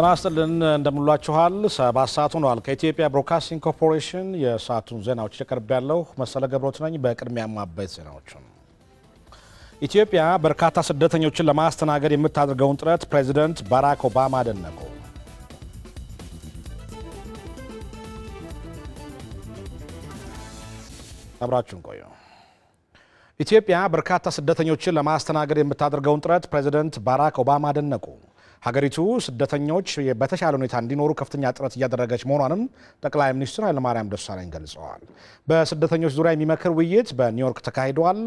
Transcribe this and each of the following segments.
ጤና ይስጥልን እንደምንሏችኋል። ሰባት ሰዓት ሆኗል። ከኢትዮጵያ ብሮድካስቲንግ ኮርፖሬሽን የሰዓቱን ዜናዎች እየቀርብ ያለው መሰለ ገብሮት ነኝ። በቅድሚያ ማበት ዜናዎች ኢትዮጵያ በርካታ ስደተኞችን ለማስተናገድ የምታደርገውን ጥረት ፕሬዚደንት ባራክ ኦባማ አደነቁ። አብራችሁን ቆዩ። ኢትዮጵያ በርካታ ስደተኞችን ለማስተናገድ የምታደርገውን ጥረት ፕሬዚደንት ባራክ ኦባማ አደነቁ። ሀገሪቱ ስደተኞች በተሻለ ሁኔታ እንዲኖሩ ከፍተኛ ጥረት እያደረገች መሆኗንም ጠቅላይ ሚኒስትር ኃይለማርያም ደሳለኝ ገልጸዋል። በስደተኞች ዙሪያ የሚመክር ውይይት በኒውዮርክ ተካሂደዋል።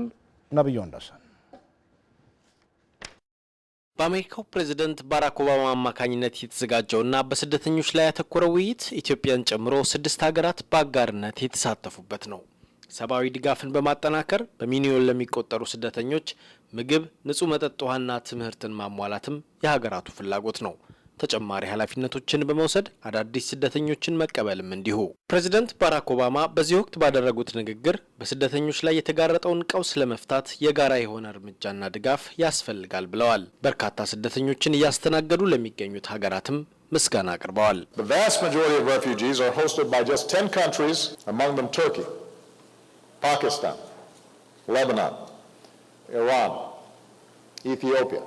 ነብዩ ወንደሰን በአሜሪካው ፕሬዝደንት ባራክ ኦባማ አማካኝነት የተዘጋጀውና በስደተኞች ላይ ያተኮረው ውይይት ኢትዮጵያን ጨምሮ ስድስት ሀገራት በአጋርነት የተሳተፉበት ነው። ሰብአዊ ድጋፍን በማጠናከር በሚሊዮን ለሚቆጠሩ ስደተኞች ምግብ፣ ንጹህ መጠጥ ውሃና ትምህርትን ማሟላትም የሀገራቱ ፍላጎት ነው። ተጨማሪ ኃላፊነቶችን በመውሰድ አዳዲስ ስደተኞችን መቀበልም እንዲሁ። ፕሬዚደንት ባራክ ኦባማ በዚህ ወቅት ባደረጉት ንግግር በስደተኞች ላይ የተጋረጠውን ቀውስ ለመፍታት የጋራ የሆነ እርምጃና ድጋፍ ያስፈልጋል ብለዋል። በርካታ ስደተኞችን እያስተናገዱ ለሚገኙት ሀገራትም ምስጋና አቅርበዋል። Pakistan, Lebanon, Iran, Ethiopia,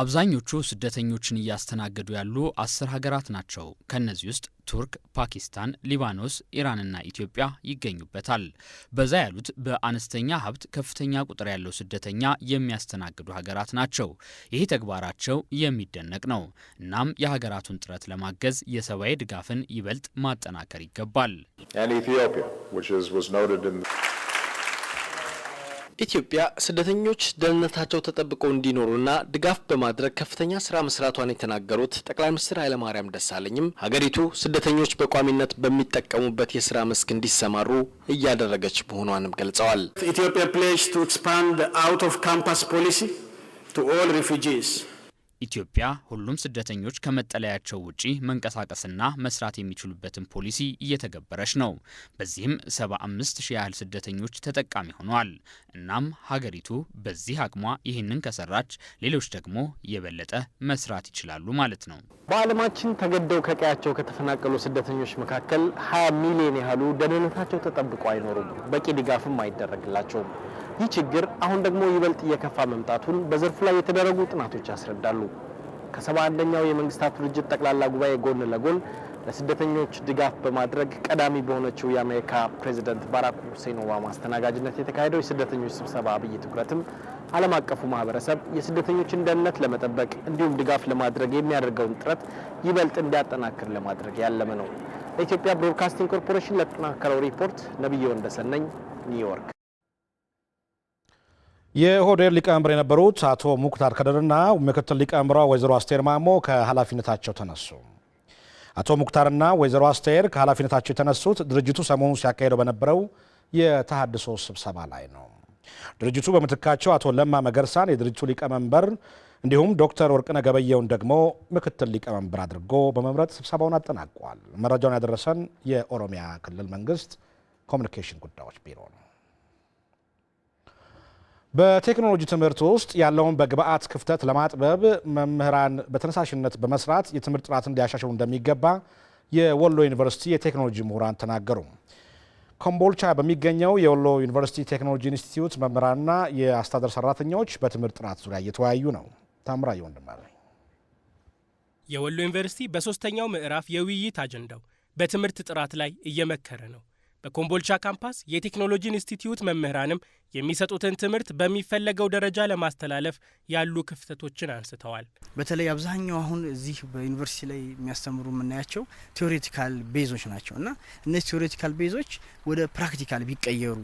አብዛኞቹ ስደተኞችን እያስተናገዱ ያሉ አስር ሀገራት ናቸው። ከእነዚህ ውስጥ ቱርክ፣ ፓኪስታን፣ ሊባኖስ፣ ኢራንና ኢትዮጵያ ይገኙበታል። በዛ ያሉት በአነስተኛ ሀብት ከፍተኛ ቁጥር ያለው ስደተኛ የሚያስተናግዱ ሀገራት ናቸው። ይህ ተግባራቸው የሚደነቅ ነው። እናም የሀገራቱን ጥረት ለማገዝ የሰብአዊ ድጋፍን ይበልጥ ማጠናከር ይገባል። ኢትዮጵያ ስደተኞች ደህንነታቸው ተጠብቆ እንዲኖሩና ድጋፍ በማድረግ ከፍተኛ ስራ መስራቷን የተናገሩት ጠቅላይ ሚኒስትር ኃይለማርያም ደሳለኝም ሀገሪቱ ስደተኞች በቋሚነት በሚጠቀሙበት የስራ መስክ እንዲሰማሩ እያደረገች መሆኗንም ገልጸዋል። ኢትዮጵያ ፕሌጅ ቱ ኤክስፓንድ አውት ኦፍ ካምፓስ ፖሊሲ ቱ ኦል ሪፊጂስ ኢትዮጵያ ሁሉም ስደተኞች ከመጠለያቸው ውጪ መንቀሳቀስና መስራት የሚችሉበትን ፖሊሲ እየተገበረች ነው። በዚህም 75 ሺህ ያህል ስደተኞች ተጠቃሚ ሆነዋል። እናም ሀገሪቱ በዚህ አቅሟ ይህንን ከሰራች ሌሎች ደግሞ የበለጠ መስራት ይችላሉ ማለት ነው። በዓለማችን ተገደው ከቀያቸው ከተፈናቀሉ ስደተኞች መካከል 20 ሚሊዮን ያህሉ ደህንነታቸው ተጠብቆ አይኖሩም፣ በቂ ድጋፍም አይደረግላቸውም። ይህ ችግር አሁን ደግሞ ይበልጥ እየከፋ መምጣቱን በዘርፉ ላይ የተደረጉ ጥናቶች ያስረዳሉ። ከሰባ አንደኛው የመንግስታት ድርጅት ጠቅላላ ጉባኤ ጎን ለጎን ለስደተኞች ድጋፍ በማድረግ ቀዳሚ በሆነችው የአሜሪካ ፕሬዚደንት ባራክ ሁሴን ኦባማ አስተናጋጅነት የተካሄደው የስደተኞች ስብሰባ አብይ ትኩረትም ዓለም አቀፉ ማህበረሰብ የስደተኞችን ደህንነት ለመጠበቅ እንዲሁም ድጋፍ ለማድረግ የሚያደርገውን ጥረት ይበልጥ እንዲያጠናክር ለማድረግ ያለመ ነው። ለኢትዮጵያ ብሮድካስቲንግ ኮርፖሬሽን ለተጠናከረው ሪፖርት ነቢየ ወንደሰነኝ ኒውዮርክ። የሆዴር ሊቀመንበር የነበሩት አቶ ሙክታር ከድርና ምክትል ሊቀመንበሯ ወይዘሮ አስቴር ማሞ ከኃላፊነታቸው ተነሱ። አቶ ሙክታርና ወይዘሮ አስቴር ከኃላፊነታቸው የተነሱት ድርጅቱ ሰሞኑን ሲያካሄደው በነበረው የተሃድሶ ስብሰባ ላይ ነው። ድርጅቱ በምትካቸው አቶ ለማ መገርሳን የድርጅቱ ሊቀመንበር እንዲሁም ዶክተር ወርቅነ ገበየውን ደግሞ ምክትል ሊቀመንበር አድርጎ በመምረጥ ስብሰባውን አጠናቋል። መረጃውን ያደረሰን የኦሮሚያ ክልል መንግስት ኮሚኒኬሽን ጉዳዮች ቢሮ ነው። በቴክኖሎጂ ትምህርት ውስጥ ያለውን በግብዓት ክፍተት ለማጥበብ መምህራን በተነሳሽነት በመስራት የትምህርት ጥራት እንዲያሻሽሉ እንደሚገባ የወሎ ዩኒቨርሲቲ የቴክኖሎጂ ምሁራን ተናገሩ። ኮምቦልቻ በሚገኘው የወሎ ዩኒቨርሲቲ ቴክኖሎጂ ኢንስቲትዩት መምህራንና የአስተዳደር ሰራተኞች በትምህርት ጥራት ዙሪያ እየተወያዩ ነው። ታምራ ወንድማለ የወሎ ዩኒቨርሲቲ በሶስተኛው ምዕራፍ የውይይት አጀንዳው በትምህርት ጥራት ላይ እየመከረ ነው። በኮምቦልቻ ካምፓስ የቴክኖሎጂ ኢንስቲትዩት መምህራንም የሚሰጡትን ትምህርት በሚፈለገው ደረጃ ለማስተላለፍ ያሉ ክፍተቶችን አንስተዋል። በተለይ አብዛኛው አሁን እዚህ በዩኒቨርሲቲ ላይ የሚያስተምሩ የምናያቸው ቴዎሬቲካል ቤዞች ናቸው እና እነዚህ ቴዎሬቲካል ቤዞች ወደ ፕራክቲካል ቢቀየሩ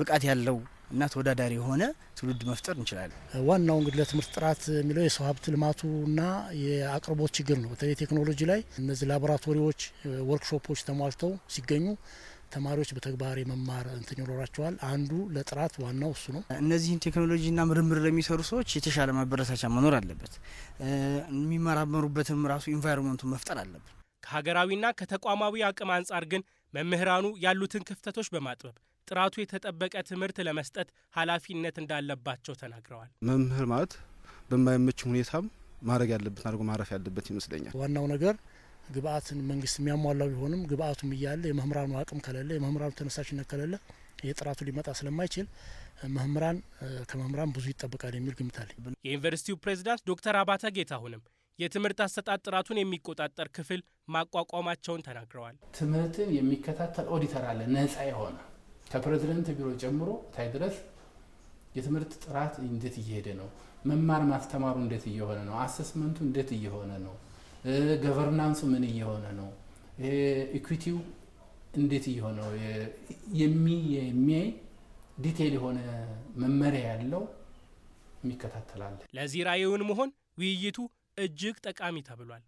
ብቃት ያለው እና ተወዳዳሪ የሆነ ትውልድ መፍጠር እንችላለን። ዋናው እንግዲህ ለትምህርት ጥራት የሚለው የሰው ሀብት ልማቱና የአቅርቦት ችግር ነው። በተለይ ቴክኖሎጂ ላይ እነዚህ ላቦራቶሪዎች፣ ወርክሾፖች ተሟልተው ሲገኙ ተማሪዎች በተግባር የመማር እንትን ይኖራቸዋል። አንዱ ለጥራት ዋናው እሱ ነው። እነዚህን ቴክኖሎጂና ምርምር ለሚሰሩ ሰዎች የተሻለ ማበረታቻ መኖር አለበት። የሚመራመሩበትም ራሱ ኢንቫይሮንመንቱ መፍጠር አለበት። ከሀገራዊና ከተቋማዊ አቅም አንጻር ግን መምህራኑ ያሉትን ክፍተቶች በማጥበብ ጥራቱ የተጠበቀ ትምህርት ለመስጠት ኃላፊነት እንዳለባቸው ተናግረዋል። መምህር ማለት በማይመች ሁኔታም ማድረግ ያለበት አድርጎ ማረፍ ያለበት ይመስለኛል ዋናው ነገር ግብአትን መንግስት የሚያሟላው ቢሆንም ግብአቱም እያለ የመምህራኑ አቅም ከሌለ የመምህራኑ ተነሳሽነት ከሌለ የጥራቱ ሊመጣ ስለማይችል መምህራን ከመምህራን ብዙ ይጠበቃል የሚል ግምት የዩኒቨርሲቲው ፕሬዚዳንት ዶክተር አባተ ጌታሁንም የትምህርት አሰጣጥ ጥራቱን የሚቆጣጠር ክፍል ማቋቋማቸውን ተናግረዋል። ትምህርትን የሚከታተል ኦዲተር አለ፣ ነጻ የሆነ ከፕሬዚደንት ቢሮ ጀምሮ ታይ ድረስ የትምህርት ጥራት እንዴት እየሄደ ነው፣ መማር ማስተማሩ እንዴት እየሆነ ነው፣ አሰስመንቱ እንዴት እየሆነ ነው ገቨርናንሱ ምን እየሆነ ነው፣ ኢኩዊቲው እንዴት እየሆነ ነው የሚያይ ዲቴል የሆነ መመሪያ ያለው የሚከታተላለን። ለዚህ ራዕዩን መሆን ውይይቱ እጅግ ጠቃሚ ተብሏል።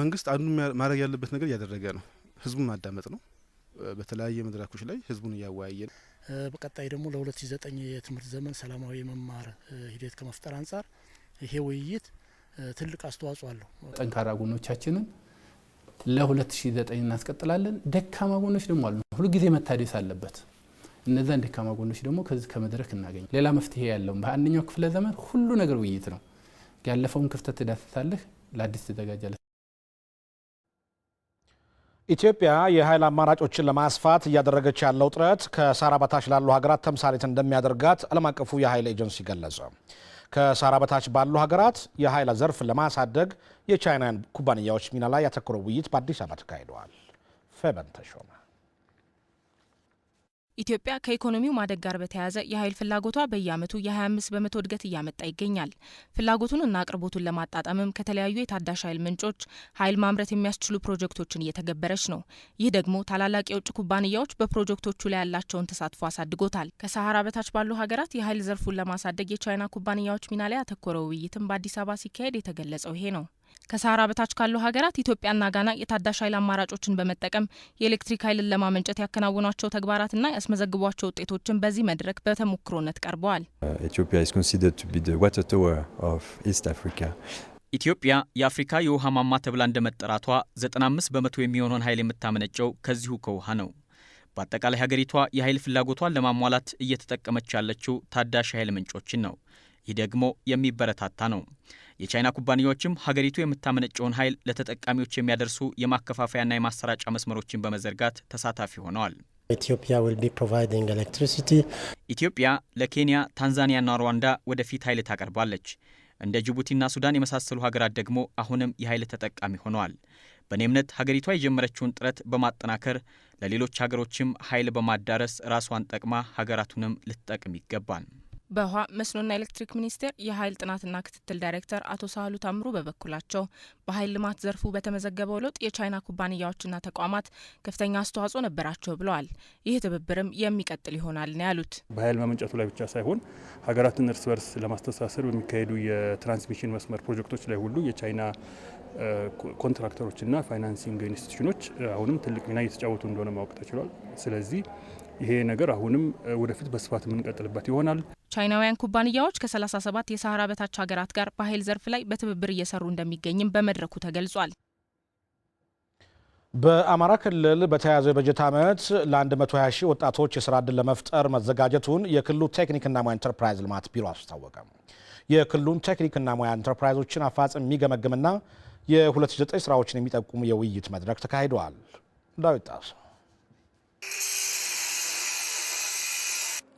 መንግስት አንዱ ማድረግ ያለበት ነገር እያደረገ ነው። ህዝቡን ማዳመጥ ነው። በተለያየ መድረኮች ላይ ህዝቡን እያወያየ ነው። በቀጣይ ደግሞ ለ2009 የትምህርት ዘመን ሰላማዊ መማር ሂደት ከመፍጠር አንጻር ይሄ ውይይት ትልቅ አስተዋጽኦ አለው። ጠንካራ ጎኖቻችንን ለ2009 እናስቀጥላለን። ደካማ ጎኖች ደግሞ አሉ፣ ሁልጊዜ መታደስ አለበት። እነዛን ደካማ ጎኖች ደግሞ ከዚህ ከመድረክ እናገኝ። ሌላ መፍትሄ ያለውም በአንደኛው ክፍለ ዘመን ሁሉ ነገር ውይይት ነው። ያለፈውን ክፍተት ትዳስሳለህ። ለአዲስ ተዘጋጃለ። ኢትዮጵያ የኃይል አማራጮችን ለማስፋት እያደረገች ያለው ጥረት ከሳራ በታች ላሉ ሀገራት ተምሳሌት እንደሚያደርጋት ዓለም አቀፉ የኃይል ኤጀንሲ ገለጸ። ከሳራ በታች ባሉ ሀገራት የኃይል ዘርፍ ለማሳደግ የቻይናን ኩባንያዎች ሚና ላይ ያተኮረው ውይይት በአዲስ አበባ ተካሂደዋል። ፈበን ተሾመ ኢትዮጵያ ከኢኮኖሚው ማደግ ጋር በተያያዘ የኃይል ፍላጎቷ በየዓመቱ የ25 በመቶ እድገት እያመጣ ይገኛል። ፍላጎቱን ና አቅርቦቱን ለማጣጣምም ከተለያዩ የታዳሽ ኃይል ምንጮች ኃይል ማምረት የሚያስችሉ ፕሮጀክቶችን እየተገበረች ነው። ይህ ደግሞ ታላላቅ የውጭ ኩባንያዎች በፕሮጀክቶቹ ላይ ያላቸውን ተሳትፎ አሳድጎታል። ከሰሃራ በታች ባሉ ሀገራት የኃይል ዘርፉን ለማሳደግ የቻይና ኩባንያዎች ሚና ላይ ያተኮረው ውይይትም በአዲስ አበባ ሲካሄድ የተገለጸው ይሄ ነው። ከሳህራ በታች ካሉ ሀገራት ኢትዮጵያና ጋና የታዳሽ ኃይል አማራጮችን በመጠቀም የኤሌክትሪክ ኃይልን ለማመንጨት ያከናውኗቸው ተግባራትና ያስመዘግቧቸው ውጤቶችን በዚህ መድረክ በተሞክሮነት ቀርበዋል። ኢትዮጵያ የአፍሪካ የውሃ ማማ ተብላ እንደመጠራቷ 95 በመቶ የሚሆነውን ኃይል የምታመነጨው ከዚሁ ከውሃ ነው። በአጠቃላይ ሀገሪቷ የኃይል ፍላጎቷን ለማሟላት እየተጠቀመች ያለችው ታዳሽ ኃይል ምንጮችን ነው። ይህ ደግሞ የሚበረታታ ነው። የቻይና ኩባንያዎችም ሀገሪቱ የምታመነጨውን ኃይል ለተጠቃሚዎች የሚያደርሱ የማከፋፈያና የማሰራጫ መስመሮችን በመዘርጋት ተሳታፊ ሆነዋል። ኢትዮጵያ ለኬንያ፣ ታንዛኒያና ሩዋንዳ ወደፊት ኃይል ታቀርባለች። እንደ ጅቡቲና ሱዳን የመሳሰሉ ሀገራት ደግሞ አሁንም የኃይል ተጠቃሚ ሆነዋል። በእኔ እምነት ሀገሪቷ የጀመረችውን ጥረት በማጠናከር ለሌሎች ሀገሮችም ኃይል በማዳረስ ራሷን ጠቅማ ሀገራቱንም ልትጠቅም ይገባል። በውሃ መስኖና ኤሌክትሪክ ሚኒስቴር የኃይል ጥናትና ክትትል ዳይሬክተር አቶ ሳህሉ ታምሩ በበኩላቸው በኃይል ልማት ዘርፉ በተመዘገበው ለውጥ የቻይና ኩባንያዎችና ተቋማት ከፍተኛ አስተዋጽኦ ነበራቸው ብለዋል። ይህ ትብብርም የሚቀጥል ይሆናል ነው ያሉት። በኃይል መመንጨቱ ላይ ብቻ ሳይሆን ሀገራትን እርስ በርስ ለማስተሳሰር በሚካሄዱ የትራንስሚሽን መስመር ፕሮጀክቶች ላይ ሁሉ የቻይና ኮንትራክተሮችና ፋይናንሲንግ ኢንስቲትዩሽኖች አሁንም ትልቅ ሚና እየተጫወቱ እንደሆነ ማወቅ ተችሏል። ስለዚህ ይሄ ነገር አሁንም ወደፊት በስፋት የምንቀጥልበት ይሆናል። ቻይናውያን ኩባንያዎች ከ37 የሳህራ በታች ሀገራት ጋር በኃይል ዘርፍ ላይ በትብብር እየሰሩ እንደሚገኝም በመድረኩ ተገልጿል። በአማራ ክልል በተያያዘው የበጀት ዓመት ለ120 ሺህ ወጣቶች የስራ ዕድል ለመፍጠር መዘጋጀቱን የክልሉ ቴክኒክና ሙያ ኢንተርፕራይዝ ልማት ቢሮ አስታወቀ። የክልሉን ቴክኒክና ሙያ ኢንተርፕራይዞችን አፋጽም የሚገመግምና የ2009 ስራዎችን የሚጠቁሙ የውይይት መድረክ ተካሂደዋል። ዳዊት ጣሰው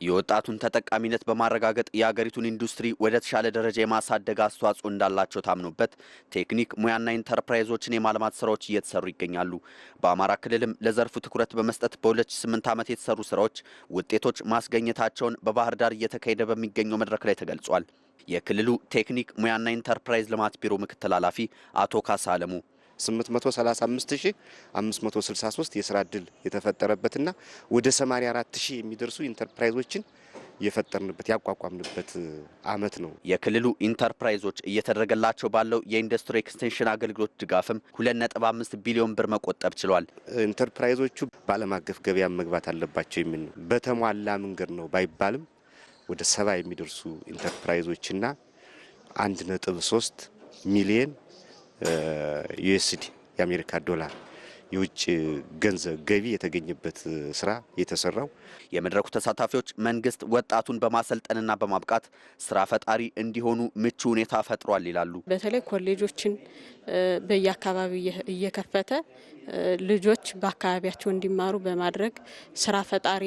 የወጣቱን ተጠቃሚነት በማረጋገጥ የአገሪቱን ኢንዱስትሪ ወደ ተሻለ ደረጃ የማሳደግ አስተዋጽኦ እንዳላቸው ታምኖበት ቴክኒክ ሙያና ኢንተርፕራይዞችን የማልማት ስራዎች እየተሰሩ ይገኛሉ። በአማራ ክልልም ለዘርፉ ትኩረት በመስጠት በ2008 ዓመት የተሰሩ ስራዎች ውጤቶች ማስገኘታቸውን በባህር ዳር እየተካሄደ በሚገኘው መድረክ ላይ ተገልጿል። የክልሉ ቴክኒክ ሙያና ኢንተርፕራይዝ ልማት ቢሮ ምክትል ኃላፊ አቶ ካሳ አለሙ 835563 የስራ እድል የተፈጠረበትና ወደ 84 ሺህ የሚደርሱ ኢንተርፕራይዞችን የፈጠርንበት ያቋቋምንበት አመት ነው። የክልሉ ኢንተርፕራይዞች እየተደረገላቸው ባለው የኢንዱስትሪ ኤክስቴንሽን አገልግሎት ድጋፍም 2.5 ቢሊዮን ብር መቆጠብ ችሏል። ኢንተርፕራይዞቹ በዓለም አቀፍ ገበያ መግባት አለባቸው የሚል ነው። በተሟላ መንገድ ነው ባይባልም ወደ ሰባ የሚደርሱ ኢንተርፕራይዞችና 1.3 ሚሊየን ዩኤስዲ የአሜሪካ ዶላር የውጭ ገንዘብ ገቢ የተገኘበት ስራ የተሰራው። የመድረኩ ተሳታፊዎች መንግስት ወጣቱን በማሰልጠንና በማብቃት ስራ ፈጣሪ እንዲሆኑ ምቹ ሁኔታ ፈጥሯል ይላሉ። በተለይ ኮሌጆችን በየአካባቢው እየከፈተ ልጆች በአካባቢያቸው እንዲማሩ በማድረግ ስራ ፈጣሪ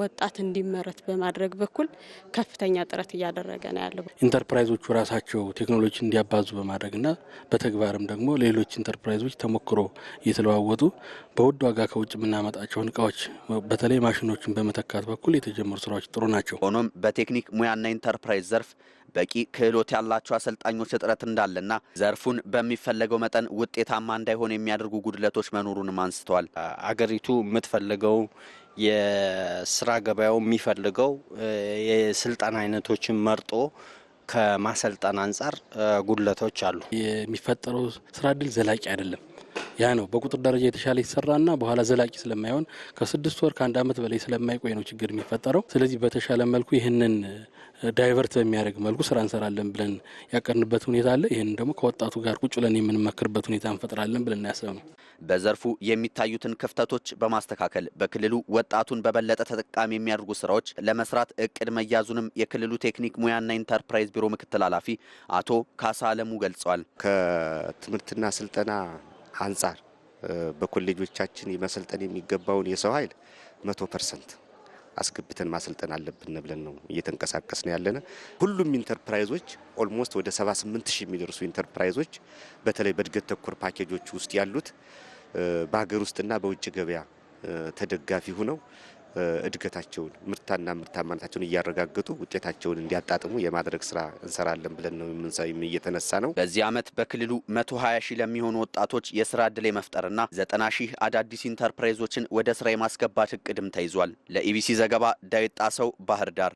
ወጣት እንዲመረት በማድረግ በኩል ከፍተኛ ጥረት እያደረገ ነው ያለው። ኢንተርፕራይዞቹ ራሳቸው ቴክኖሎጂ እንዲያባዙ በማድረግና በተግባርም ደግሞ ሌሎች ኢንተርፕራይዞች ተሞክሮ እየተለዋወጡ በውድ ዋጋ ከውጭ የምናመጣቸውን እቃዎች በተለይ ማሽኖችን በመተካት በኩል የተጀመሩ ስራዎች ጥሩ ናቸው። ሆኖም በቴክኒክ ሙያና ኢንተርፕራይዝ ዘርፍ በቂ ክህሎት ያላቸው አሰልጣኞች እጥረት እንዳለና ዘርፉን በሚፈለገው መጠን ውጤታማ እንዳይሆን የሚያደርጉ ጉድለቶች መኖሩንም አንስተዋል። አገሪቱ የምትፈልገው የስራ ገበያው የሚፈልገው የስልጠና አይነቶችን መርጦ ከማሰልጠን አንጻር ጉድለቶች አሉ። የሚፈጠረው ስራ እድል ዘላቂ አይደለም። ያ ነው በቁጥር ደረጃ የተሻለ ይሰራና በኋላ ዘላቂ ስለማይሆን ከስድስት ወር ከአንድ ዓመት በላይ ስለማይቆይ ነው ችግር የሚፈጠረው። ስለዚህ በተሻለ መልኩ ይህንን ዳይቨርት በሚያደርግ መልኩ ስራ እንሰራለን ብለን ያቀድንበት ሁኔታ አለ። ይህንን ደግሞ ከወጣቱ ጋር ቁጭ ብለን የምንመክርበት ሁኔታ እንፈጥራለን ብለን ያሰብ ነው። በዘርፉ የሚታዩትን ክፍተቶች በማስተካከል በክልሉ ወጣቱን በበለጠ ተጠቃሚ የሚያደርጉ ስራዎች ለመስራት እቅድ መያዙንም የክልሉ ቴክኒክ ሙያና ኢንተርፕራይዝ ቢሮ ምክትል ኃላፊ አቶ ካሳ አለሙ ገልጸዋል። ከትምህርትና ስልጠና አንጻር በኮሌጆቻችን መሰልጠን የሚገባውን የሰው ኃይል መቶ ፐርሰንት አስገብተን ማሰልጠን አለብን ብለን ነው እየተንቀሳቀስ ያለነ። ሁሉም ኢንተርፕራይዞች ኦልሞስት ወደ 78 ሺህ የሚደርሱ ኢንተርፕራይዞች በተለይ በእድገት ተኮር ፓኬጆች ውስጥ ያሉት በሀገር ውስጥና በውጭ ገበያ ተደጋፊ ሆነው እድገታቸውን ምርታና ምርታማነታቸውን እያረጋገጡ ውጤታቸውን እንዲያጣጥሙ የማድረግ ስራ እንሰራለን ብለን ነው እየተነሳ ነው። በዚህ ዓመት በክልሉ 120 ሺህ ለሚሆኑ ወጣቶች የስራ ዕድል የመፍጠርና 90 ሺህ አዳዲስ ኢንተርፕራይዞችን ወደ ስራ የማስገባት እቅድም ተይዟል። ለኢቢሲ ዘገባ ዳዊት ጣሰው ባህር ዳር